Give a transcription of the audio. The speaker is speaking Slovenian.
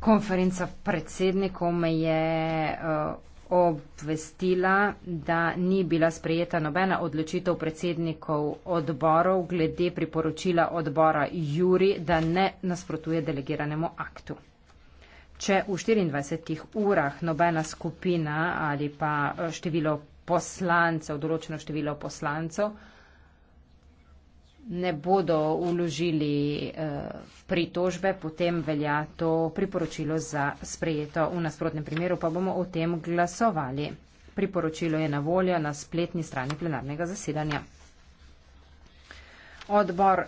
konferenca predsednikov me je uh, obvestila, da ni bila sprejeta nobena odločitev predsednikov odborov glede priporočila odbora Juri, da ne nasprotuje delegiranemu aktu. Če v 24 urah nobena skupina ali pa eh, število poslancev, določeno število poslancev, uh, ne bodo uložili eh, pritožbe, potem velja to priporočilo za sprejeto. V nasprotnem primeru pa bomo o tem glasovali. Priporočilo je na voljo na spletni strani plenarnega zasedanja. Odbor